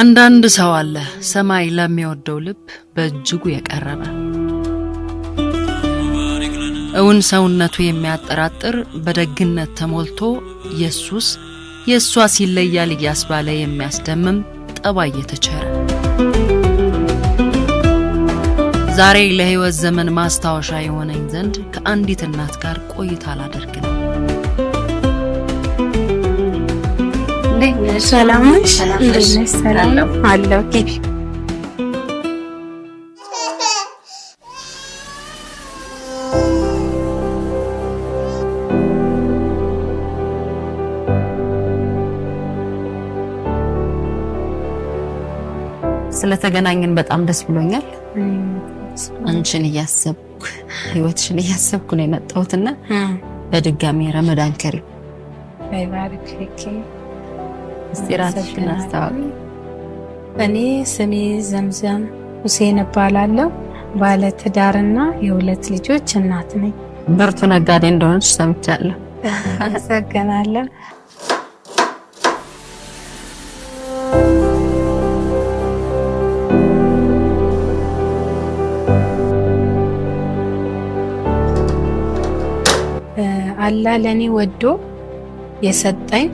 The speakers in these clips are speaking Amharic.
አንዳንድ ሰው አለ ሰማይ ለሚወደው ልብ በእጅጉ የቀረበ እውን ሰውነቱ የሚያጠራጥር በደግነት ተሞልቶ የሱስ የእሷ ሲለያል እያስባለ የሚያስደምም ጠባይ የተቸረ ዛሬ ለሕይወት ዘመን ማስታወሻ የሆነኝ ዘንድ ከአንዲት እናት ጋር ቆይታ አላደርግ እንዴት ሰላም ስለተገናኘን በጣም ደስ ብሎኛል። አንቺን እያሰብኩ ህይወትሽን እያሰብኩ ነው የመጣሁትና በድጋሚ ረመዳን ከሪም ምስጢራችን አስተዋቅ እኔ ስሜ ዘምዘም ሁሴን እባላለሁ። ባለ ትዳርና የሁለት ልጆች እናት ነኝ። ብርቱ ነጋዴ እንደሆነች ሰምቻለሁ። አመሰግናለሁ። አላ ለእኔ ወዶ የሰጠኝ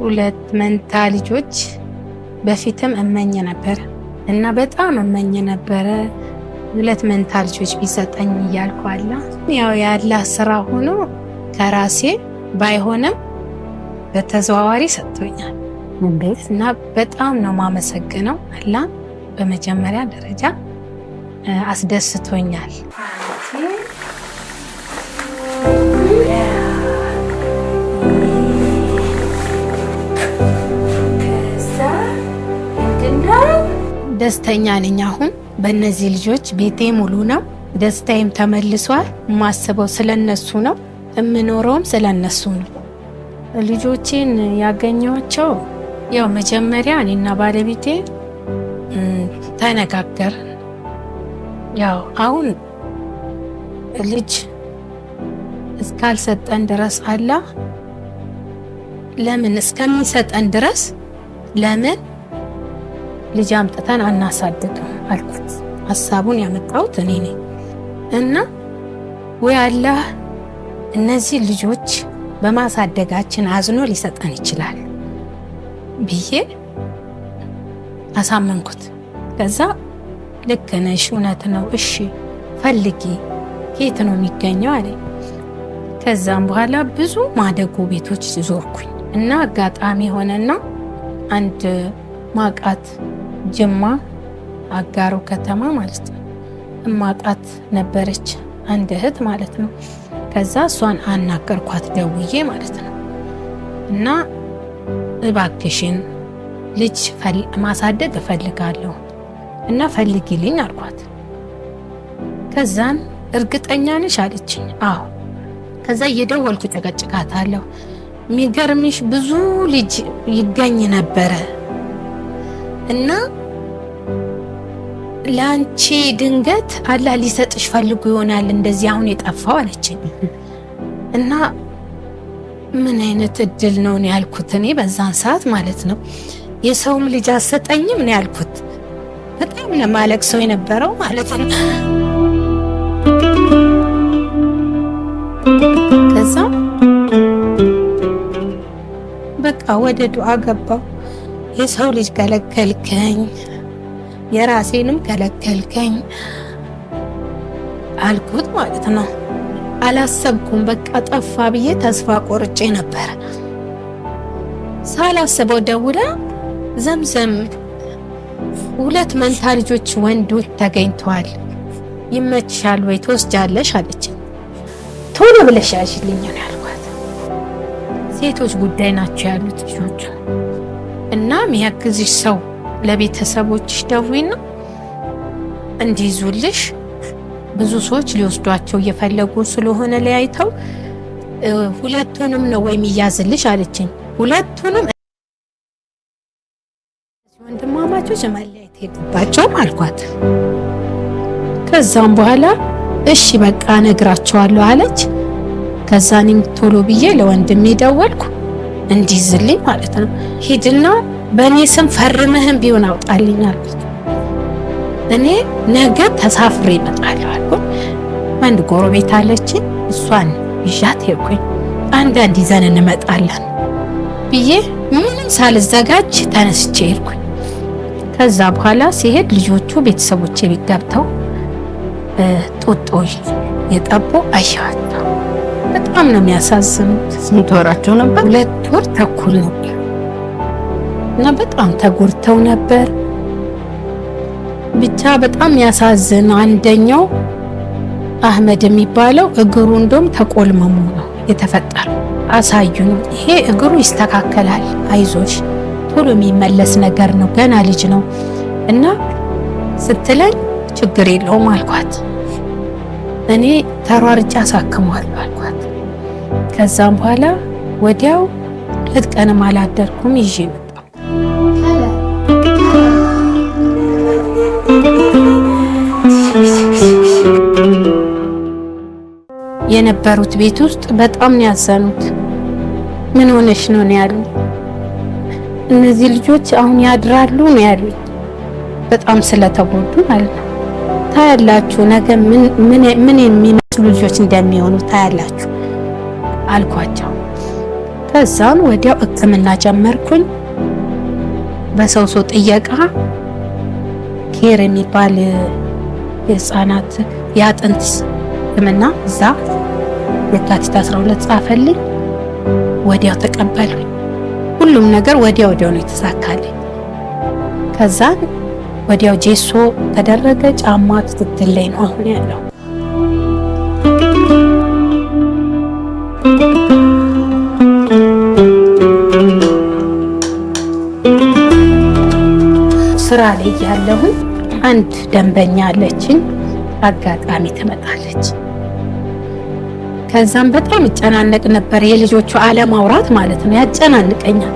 ሁለት መንታ ልጆች በፊትም እመኝ ነበረ እና በጣም እመኝ ነበረ ሁለት መንታ ልጆች ቢሰጠኝ እያልኩ አለ። ያው የአላህ ስራ ሆኖ ከራሴ ባይሆንም በተዘዋዋሪ ሰጥቶኛል እና በጣም ነው ማመሰግነው አላ በመጀመሪያ ደረጃ አስደስቶኛል። ደስተኛ ነኝ። አሁን በእነዚህ ልጆች ቤቴ ሙሉ ነው። ደስታዬም ተመልሷል። የማስበው ስለነሱ ነው፣ የምኖረውም ስለነሱ ነው። ልጆቼን ያገኘኋቸው ያው መጀመሪያ እኔና ባለቤቴ ተነጋገር ያው አሁን ልጅ እስካልሰጠን ድረስ አላ ለምን እስከሚሰጠን ድረስ ለምን ልጅ አምጥተን አናሳድግም አልኩት። ሀሳቡን ያመጣሁት እኔ ነኝ እና ወይ አላህ እነዚህ ልጆች በማሳደጋችን አዝኖ ሊሰጠን ይችላል ብዬ አሳመንኩት። ከዛ ልክ ነሽ፣ እውነት ነው፣ እሺ ፈልጊ፣ የት ነው የሚገኘው አለ። ከዛም በኋላ ብዙ ማደጎ ቤቶች ዞርኩኝ እና አጋጣሚ ሆነና አንድ ማቃት ጅማ አጋሮ ከተማ ማለት ነው። እማጣት ነበረች አንድ እህት ማለት ነው። ከዛ እሷን አናገርኳት ደውዬ ማለት ነው። እና እባክሽን ልጅ ማሳደግ እፈልጋለሁ እና ፈልጊልኝ አልኳት። ከዛን እርግጠኛ ነሽ አለችኝ። አዎ። ከዛ እየደወልኩ ጨቀጭቃታለሁ። የሚገርምሽ ብዙ ልጅ ይገኝ ነበረ እና ለአንቺ ድንገት አላህ ሊሰጥሽ ፈልጉ ይሆናል እንደዚህ አሁን የጠፋው አለችኝ። እና ምን አይነት እድል ነው ነው ያልኩት እኔ በዛን ሰዓት ማለት ነው። የሰውም ልጅ አሰጠኝም ነው ያልኩት። በጣም ለማለቅ ሰው የነበረው ማለት ነው። ከዛ በቃ ወደ ዱዓ ገባው። የሰው ልጅ ከለከልከኝ፣ የራሴንም ከለከልከኝ አልኩት ማለት ነው። አላሰብኩም። በቃ ጠፋ ብዬ ተስፋ ቆርጬ ነበረ። ሳላስበው ደውላ ዘምዘም ሁለት መንታ ልጆች ወንዶች ተገኝተዋል፣ ይመችሻል ወይ ትወስጃለሽ አለች። ቶሎ ብለሽ ያዥልኝ ነው ያልኳት። ሴቶች ጉዳይ ናቸው ያሉት ልጆቹ እና የሚያግዝሽ ሰው ለቤተሰቦችሽ ደውይና እንዲይዙልሽ። ብዙ ሰዎች ሊወስዷቸው እየፈለጉ ስለሆነ ለያይተው ሁለቱንም ነው ወይም ይያዝልሽ አለችኝ። ሁለቱንም ወንድማማቾች መለያየት ሄድባቸውም አልኳት። ከዛም በኋላ እሺ በቃ እነግራቸዋለሁ አለች። ከዛ እኔም ቶሎ ብዬ ለወንድሜ ደወልኩ። እንዲዝልኝ ማለት ነው። ሂድና በእኔ ስም ፈርምህም ቢሆን አውጣልኝ አልኩት። እኔ ነገ ተሳፍሬ እመጣለሁ አልኩኝ። አንድ ጎረቤት አለችኝ፣ እሷን ይዣት ሄድኩኝ። አንዳንድ ይዘን እንመጣለን ብዬ ምንም ሳልዘጋጅ ተነስቼ ሄድኩኝ። ከዛ በኋላ ሲሄድ ልጆቹ ቤተሰቦቼ ቤት ገብተው ጡጦ የጠቡ አየኋቸው። በጣም ነው የሚያሳዝኑት። ስንት ወራቸው ነበር? ሁለት ወር ተኩል ነበር እና በጣም ተጎድተው ነበር። ብቻ በጣም ያሳዝን። አንደኛው አህመድ የሚባለው እግሩ እንደውም ተቆልመሙ ነው የተፈጠረው። አሳዩን፣ ይሄ እግሩ ይስተካከላል፣ አይዞሽ ቶሎ የሚመለስ ነገር ነው፣ ገና ልጅ ነው እና ስትለኝ ችግር የለውም አልኳት። እኔ ተሯርጬ አሳክሟለሁ አልኳት። ከዛም በኋላ ወዲያው ሁለት ቀንም አላደርኩም ይዤ መጣሁ። የነበሩት ቤት ውስጥ በጣም ነው ያዘኑት። ምን ሆነሽ ነው ነው ያሉኝ። እነዚህ ልጆች አሁን ያድራሉ ነው ያሉኝ። በጣም ስለተጎዱ ማለት ነው። ታያላችሁ ነገ ምን ምን የሚመስሉ ልጆች እንደሚሆኑ ታያላችሁ። አልኳቸው። ከዛን ወዲያው ሕክምና ጀመርኩኝ። በሰው ሰው ጥየቃ ኬር የሚባል የህፃናት የአጥንት ሕክምና እዛ የካቲት 12 ጻፈልኝ። ወዲያው ተቀበሉኝ። ሁሉም ነገር ወዲያው ወዲያው ነው የተሳካልኝ። ከዛን ወዲያው ጄሶ ተደረገ። ጫማ ክትትል ላይ ነው አሁን ያለው። ስራ ላይ ያለሁኝ አንድ ደንበኛ አለችኝ። አጋጣሚ ትመጣለች። ከዛም በጣም እጨናነቅ ነበር። የልጆቹ አለማውራት ማለት ነው ያጨናንቀኛል።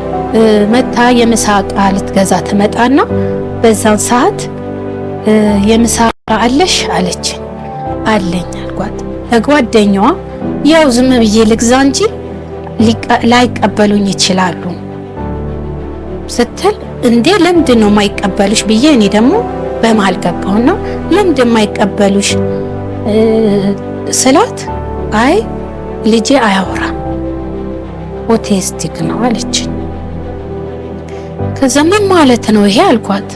መታ የምሳ ዕቃ ልትገዛ ትመጣና በዛን ሰዓት የምሳ አለሽ አለችኝ። አለኝ አልኳት ለጓደኛዋ ያው ዝም ብዬ ልግዛ እንጂ ላይቀበሉኝ ይችላሉ ስትል እንዴ ለምንድን ነው የማይቀበሉሽ ብዬ እኔ ደግሞ በመሀል ገባሁና ለምንድን የማይቀበሉሽ ስላት አይ ልጄ አያወራም ኦቲስቲክ ነው አለችኝ። ከዛ ምን ማለት ነው ይሄ አልኳት።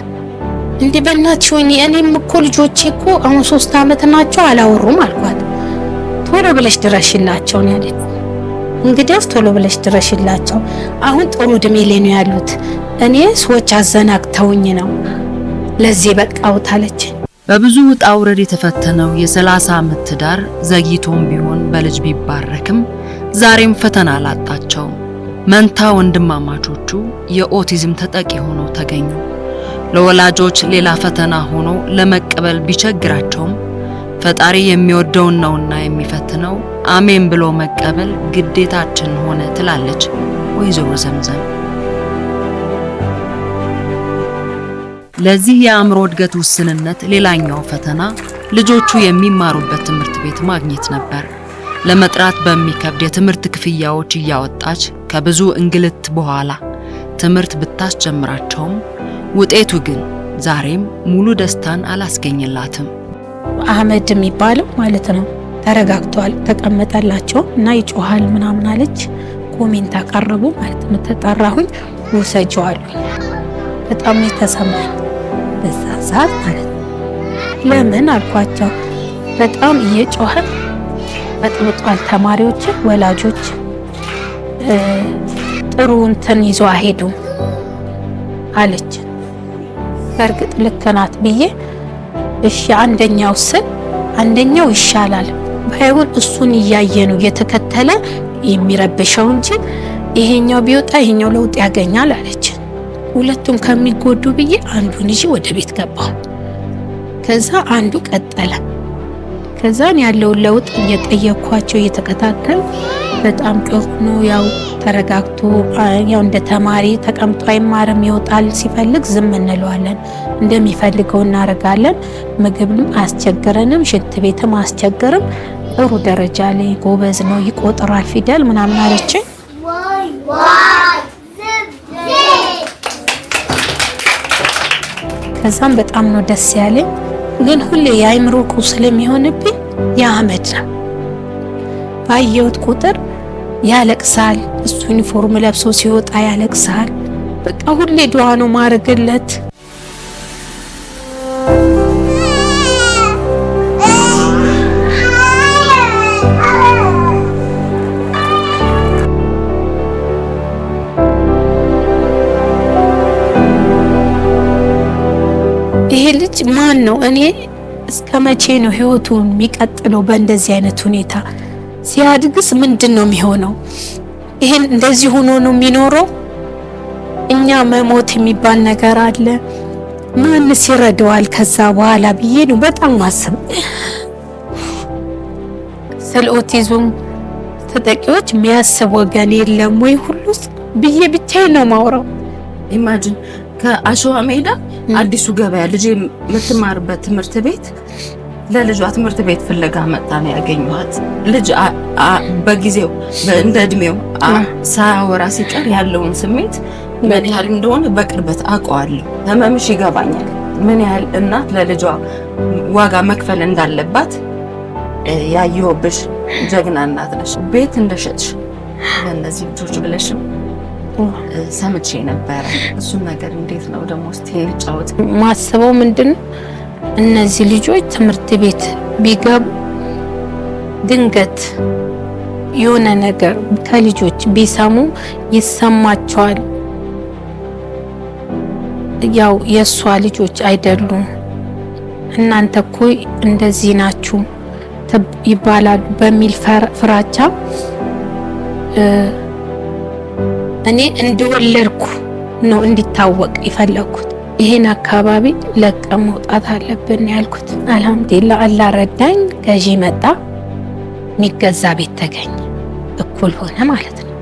እንዲህ በእናትሽ ሆኚ እኔም እኮ ልጆቼ እኮ አሁን ሶስት አመት ናቸው አላወሩም አልኳት። ቶሎ ብለሽ ድረሽላቸው ነው ያለች። እንግዲያስ ቶሎ ብለሽ ድረሽላቸው። አሁን ጥሩ እድሜ ላይ ነው ያሉት። እኔ ሰዎች አዘናግተውኝ ነው ለዚህ በቃሁት አለች። በብዙ ውጣ ውረድ የተፈተነው የ30 ዓመት ትዳር ዘግይቶም ቢሆን በልጅ ቢባረክም ዛሬም ፈተና አላጣቸው። መንታ ወንድማማቾቹ የኦቲዝም ተጠቂ ሆነው ተገኙ። ለወላጆች ሌላ ፈተና ሆኖ ለመቀበል ቢቸግራቸውም ፈጣሪ የሚወደውን ነውና የሚፈትነው፣ አሜን ብሎ መቀበል ግዴታችን ሆነ ትላለች ወይዘሮ ዘምዘም። ለዚህ የአእምሮ እድገት ውስንነት ሌላኛው ፈተና ልጆቹ የሚማሩበት ትምህርት ቤት ማግኘት ነበር። ለመጥራት በሚከብድ የትምህርት ክፍያዎች እያወጣች ከብዙ እንግልት በኋላ ትምህርት ብታስጀምራቸውም ውጤቱ ግን ዛሬም ሙሉ ደስታን አላስገኝላትም። አህመድ የሚባለው ማለት ነው ተረጋግቷል፣ ተቀመጠላቸው እና ይጮሃል ምናምን አለች። ኮሜንት አቀረቡ ማለት ነው። ተጠራሁኝ፣ ውሰጂው አሉኝ። በጣም የተሰማኝ በዛ ሰዓት ማለት ነው። ለምን አልኳቸው፣ በጣም እየጮኸ በጥብጧል ተማሪዎች ወላጆች ጥሩ እንትን ይዞ አሄዱ አለች። በእርግጥ ልክ ናት ብዬ እሺ አንደኛው ስል አንደኛው ይሻላል ባይሆን እሱን እያየ ነው እየተከተለ የሚረብሸው እንጂ ይሄኛው ቢወጣ ይሄኛው ለውጥ ያገኛል አለች። ሁለቱም ከሚጎዱ ብዬ አንዱን ይዤ ወደ ቤት ገባሁ። ከዛ አንዱ ቀጠለ። ከዛን ያለውን ለውጥ እየጠየኳቸው እየተከታተል በጣም ጮክ ነው። ያው ተረጋግቶ ያው እንደ ተማሪ ተቀምጦ አይማርም፣ ይወጣል። ሲፈልግ ዝም እንለዋለን፣ እንደሚፈልገው እናደርጋለን። ምግብም አስቸግረንም ሽንት ቤትም አያስቸግርም። ጥሩ ደረጃ ላይ ጎበዝ ነው፣ ይቆጥራል ፊደል ምናምን አለች ከዛም በጣም ነው ደስ ያለኝ። ግን ሁሌ የአይምሮ ቁስል ስለሚሆንብኝ የአመል ባየሁት ቁጥር ያለቅሳል። እሱ ዩኒፎርም ለብሶ ሲወጣ ያለቅሳል። በቃ ሁሌ ድዋ ነው ማድረግለት። ይሄ ልጅ ማን ነው? እኔ እስከ መቼ ነው ህይወቱን የሚቀጥለው በእንደዚህ አይነት ሁኔታ? ሲያድግስ ምንድን ነው የሚሆነው? ይሄን እንደዚህ ሆኖ ነው የሚኖረው? እኛ መሞት የሚባል ነገር አለ። ማንስ ይረዳዋል ከዛ በኋላ ብዬ ነው በጣም ማሰብ። ስለ ኦቲዝም ተጠቂዎች የሚያስብ ወገን የለም ወይ ሁሉ ብዬ ብቻዬን ነው ማውራው። ኢማጂን ከአሸዋ ሜዳ አዲሱ ገበያ ልጅ የምትማርበት ትምህርት ቤት ለልጇ ትምህርት ቤት ፍለጋ መጣ ነው ያገኘኋት። ልጅ በጊዜው እንደ እድሜው ሳያወራ ሲቀር ያለውን ስሜት ምን ያህል እንደሆነ በቅርበት አውቀዋለሁ። ህመምሽ ይገባኛል። ምን ያህል እናት ለልጇ ዋጋ መክፈል እንዳለባት ያየሁብሽ ጀግና እናት ነሽ። ቤት እንደሸጥሽ ለእነዚህ ልጆች ብለሽም ሰምቼ ነበረ። እሱን ነገር እንዴት ነው ደግሞ እስቲ እንጫወት። ማስበው ምንድን ነው እነዚህ ልጆች ትምህርት ቤት ቢገቡ ድንገት የሆነ ነገር ከልጆች ቢሰሙ ይሰማቸዋል። ያው የእሷ ልጆች አይደሉም፣ እናንተ እኮ እንደዚህ ናችሁ ይባላሉ በሚል ፍራቻ እኔ እንደወለድኩ ነው እንዲታወቅ የፈለግኩት። ይሄን አካባቢ ለቀ መውጣት አለብን ያልኩት። አልሐምዱሊላህ አላህ ረዳኝ። ገዢ መጣ። የሚገዛ ቤት ተገኘ፣ እኩል ሆነ ማለት ነው።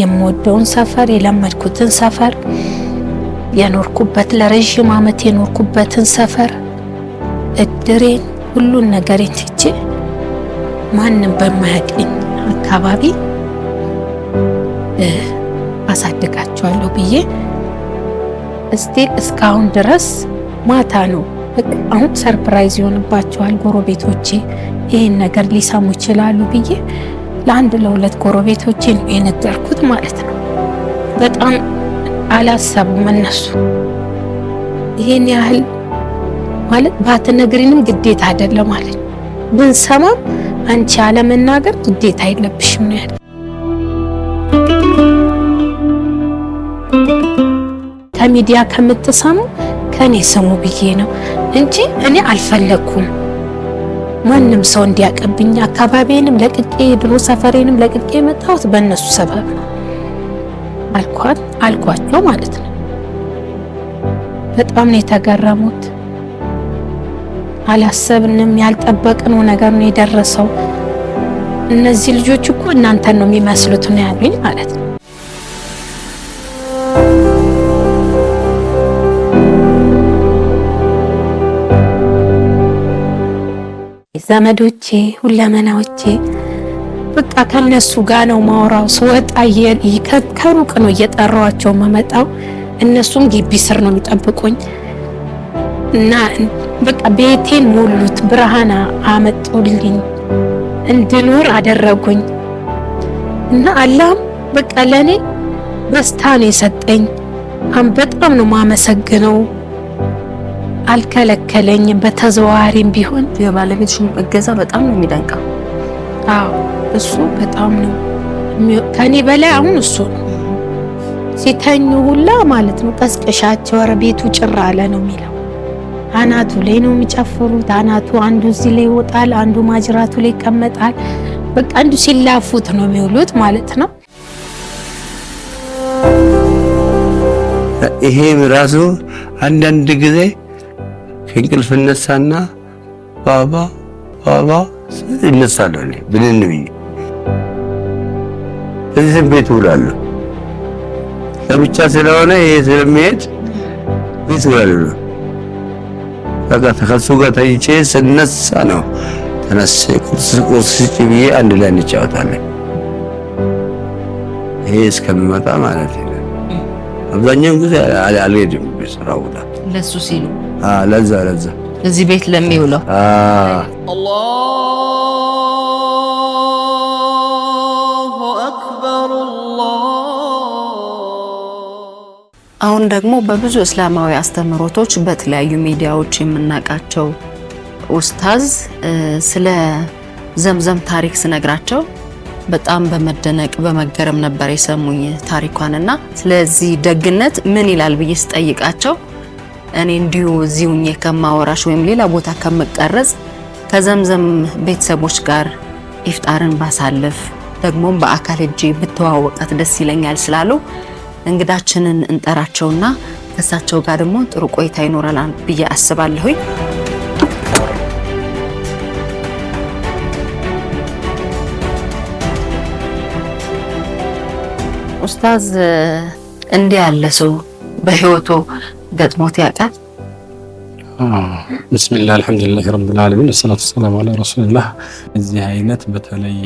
የምወደውን ሰፈር የለመድኩትን ሰፈር የኖርኩበት ለረዥም ዓመት የኖርኩበትን ሰፈር እድሬን ሁሉን ነገር ትቼ ማንም በማያውቅኝ አካባቢ አሳድጋቸዋለሁ ብዬ እስቲ እስካሁን ድረስ ማታ ነው። አሁን ሰርፕራይዝ ይሆንባቸዋል ጎረቤቶቼ ይህን ነገር ሊሰሙ ይችላሉ ብዬ ለአንድ ለሁለት ጎረቤቶቼ ነው የነገርኩት ማለት ነው። በጣም አላሰቡም እነሱ ይህን ያህል ማለት ባትነግሪንም ግዴታ አይደለም አለኝ። ብንሰማም አንቺ አለመናገር ግዴታ የለብሽም ነው ያለ። ከሚዲያ ከምትሰሙ ከእኔ ስሙ ብዬ ነው እንጂ እኔ አልፈለግኩም ማንም ሰው እንዲያቀብኝ። አካባቢንም ለቅቄ የድሮ ሰፈሬንም ለቅቄ የመጣሁት በእነሱ ሰበብ ነው አልኳት አልኳቸው ማለት ነው። በጣም ነው የተገረሙት። አላሰብንም፣ ያልጠበቅነው ነገር ነው የደረሰው። እነዚህ ልጆች እኮ እናንተን ነው የሚመስሉት ነው ያሉኝ ማለት ነው። ዘመዶቼ ሁለመናዎቼ በቃ ከነሱ ጋር ነው ማውራው። ስወጣ ከሩቅ ነው እየጠራዋቸው መመጣው። እነሱም ግቢ ስር ነው የሚጠብቁኝ እና በቃ ቤቴን ሞሉት፣ ብርሃን አመጡልኝ፣ እንድኖር አደረጉኝ እና አላህም በቃ ለእኔ ደስታን የሰጠኝ በጣም ነው ማመሰግነው። አልከለከለኝ በተዘዋዋሪም ቢሆን የባለቤትሽ እገዛ በጣም ነው የሚደንቀው። አዎ እሱ በጣም ነው ከኔ በላይ አሁን እሱ ነው። ሲተኙ ሁላ ማለት ነው ቀስቀሻቸው፣ ኧረ ቤቱ ጭር አለ ነው የሚለው አናቱ ላይ ነው የሚጨፍሩት። አናቱ አንዱ እዚህ ላይ ይወጣል፣ አንዱ ማጅራቱ ላይ ይቀመጣል። በቃ አንዱ ሲላፉት ነው የሚውሉት ማለት ነው። ይሄም ራሱ አንዳንድ ጊዜ ከእንቅልፍ እነሳና ባባ ባባ እነሳለሁ እኔ ብንን ብዬ እዚህ ቤት ውላለሁ። ለብቻ ስለሆነ ይሄ ስለሚሄድ ቤት ውላለሁ። በቃ ከሱ ጋር ተይቼ ስነሳ ነው ተነስ ቁርስ ስጪ ብዬ አንድ ላይ እንጫወታለን። ይሄ እስከሚመጣ ማለት ነው። አብዛኛውን ጊዜ አልሄድም ስራ ቦታ ለሱ ሲሉ ለዛ ለዛ እዚህ ቤት ለሚውለው አሁን ደግሞ በብዙ እስላማዊ አስተምህሮቶች በተለያዩ ሚዲያዎች የምናውቃቸው ኡስታዝ ስለ ዘምዘም ታሪክ ስነግራቸው በጣም በመደነቅ በመገረም ነበር የሰሙኝ ታሪኳን እና ስለዚህ ደግነት ምን ይላል ብዬ ስጠይቃቸው እኔ እንዲሁ እዚሁኜ ከማወራሽ ወይም ሌላ ቦታ ከምቀረጽ ከዘምዘም ቤተሰቦች ጋር ኢፍጣርን ባሳልፍ ደግሞም በአካል እጄ ብተዋወቃት ደስ ይለኛል ስላሉ እንግዳችንን እንጠራቸውና ከእሳቸው ጋር ደግሞ ጥሩ ቆይታ ይኖራል ብዬ አስባለሁኝ። ኡስታዝ እንዲህ ያለ ሰው በህይወቱ ገጥሞት ያውቃል? ብስሚላ አልሐምዱሊላህ ረብል ዓለሚን ወሰላቱ ወሰላሙ አላ ረሱሊላህ። እዚህ አይነት በተለይ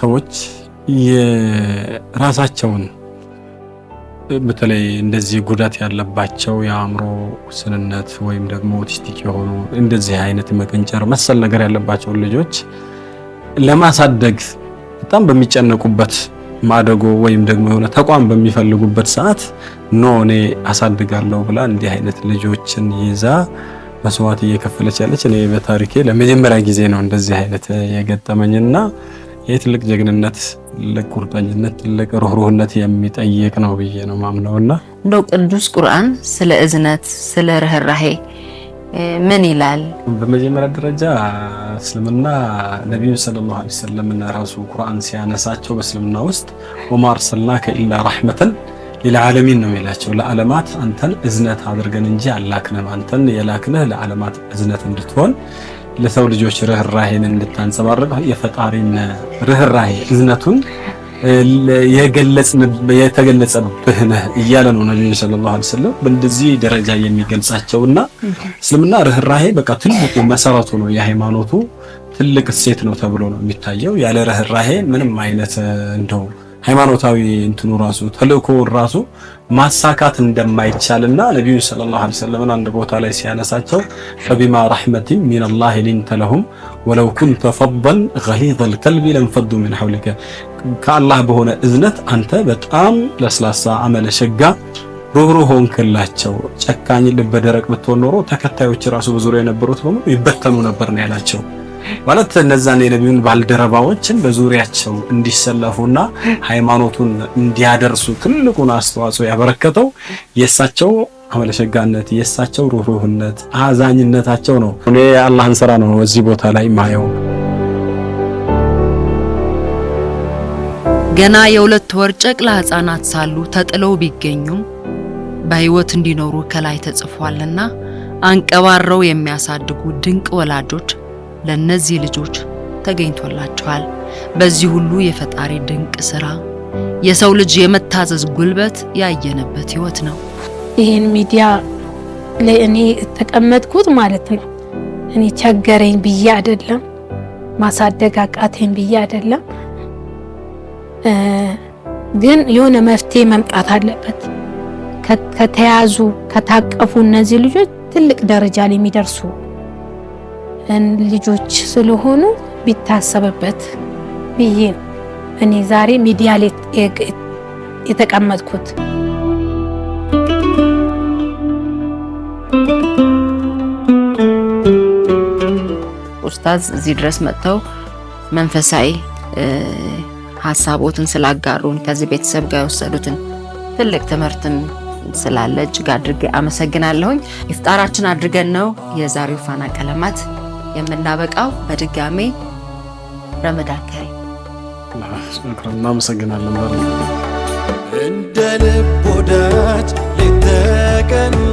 ሰዎች የራሳቸውን በተለይ እንደዚህ ጉዳት ያለባቸው የአእምሮ ውስንነት ወይም ደግሞ ኦቲስቲክ የሆኑ እንደዚህ አይነት መቀንጨር መሰል ነገር ያለባቸውን ልጆች ለማሳደግ በጣም በሚጨነቁበት ማደጎ ወይም ደግሞ የሆነ ተቋም በሚፈልጉበት ሰዓት ኖ እኔ አሳድጋለሁ ብላ እንዲህ አይነት ልጆችን ይዛ መስዋዕት እየከፈለች ያለች እኔ በታሪኬ ለመጀመሪያ ጊዜ ነው እንደዚህ አይነት የገጠመኝና ይህ ትልቅ ጀግንነት፣ ትልቅ ቁርጠኝነት፣ ትልቅ ሩህሩህነት የሚጠይቅ ነው ብዬ ነው ማምነው እና እንደው ቅዱስ ቁርአን ስለ እዝነት ስለ ርህራሄ ምን ይላል? በመጀመሪያ ደረጃ እስልምና ነቢዩ ሰለላሁ ዐለይሂ ወሰለምና ራሱ ቁርአን ሲያነሳቸው በእስልምና ውስጥ ወማ አርሰልናከ ኢላ ረሕመተን ሊልዓለሚን ነው የሚላቸው። ለዓለማት አንተን እዝነት አድርገን እንጂ አላክነም። አንተን የላክንህ ለዓለማት እዝነት እንድትሆን ለሰው ልጆች ርህራሄን እንድታንጸባርቅ የፈጣሪን ርህራሄ እዝነቱን የተገለጸብህ ነህ እያለ ነው ነቢዩ ሰለላሁ ዐለይሂ ወሰለም በእንደዚህ ደረጃ የሚገልጻቸውና እስልምና ርህራሄ በቃ ትልቁ መሰረቱ ነው የሃይማኖቱ ትልቅ እሴት ነው ተብሎ ነው የሚታየው። ያለ ርህራሄ ምንም አይነት እንደው ሃይማኖታዊ እንትኑ ራሱ ተልእኮ ራሱ ማሳካት እንደማይቻልና ነቢዩ ሰለላሁ ዐለይሂ ወሰለም አንድ ቦታ ላይ ሲያነሳቸው ፈቢማ ረሕመቲ ሚነላሂ ሊንተ ለሁም ወለው ኩንተ ፈደን ገሊዘል ቀልቢ ለንፈዱ ሚን ሐውሊከ ከአላህ በሆነ እዝነት አንተ በጣም ለስላሳ አመለ ሸጋ ሩህሩህ ሆንክላቸው። ጨካኝ ልበ ደረቅ ብትሆን ኖሮ ተከታዮች ራሱ በዙሪያ የነበሩት በሙሉ ይበተኑ ነበር ነው ያላቸው። ማለት እነዛን የነቢዩን ባልደረባዎችን በዙሪያቸው እንዲሰለፉና ሃይማኖቱን እንዲያደርሱ ትልቁን አስተዋጽኦ ያበረከተው የእሳቸው አመለሸጋነት የእሳቸው ሩህሩህነት፣ አዛኝነታቸው ነው። እኔ የአላህን ስራ ነው እዚህ ቦታ ላይ ማየው። ገና የሁለት ወር ጨቅላ ህፃናት ሳሉ ተጥለው ቢገኙም በህይወት እንዲኖሩ ከላይ ተጽፏልና አንቀባረው የሚያሳድጉ ድንቅ ወላጆች ለእነዚህ ልጆች ተገኝቶላቸዋል። በዚህ ሁሉ የፈጣሪ ድንቅ ስራ የሰው ልጅ የመታዘዝ ጉልበት ያየነበት ህይወት ነው። ይህን ሚዲያ ለእኔ ተቀመጥኩት ማለት ነው። እኔ ቸገረኝ ብዬ አይደለም፣ ማሳደግ አቃተኝ ብዬ አይደለም። ግን የሆነ መፍትሄ መምጣት አለበት። ከተያዙ ከታቀፉ እነዚህ ልጆች ትልቅ ደረጃ ላይ የሚደርሱ ልጆች ስለሆኑ ቢታሰብበት ብዬ ነው እኔ ዛሬ ሚዲያ ላይ የተቀመጥኩት። ኡስታዝ እዚህ ድረስ መጥተው መንፈሳዊ ሀሳቦትን ስላጋሩን ከዚህ ቤተሰብ ጋር የወሰዱትን ትልቅ ትምህርትን ስላለ እጅግ አድርጌ አመሰግናለሁኝ። ኢፍጣራችን አድርገን ነው የዛሬው ፋና ቀለማት የምናበቃው በድጋሜ ረመዳን ከሪም እናመሰግናለን። እንደ ልብ ወዳጅ ሌት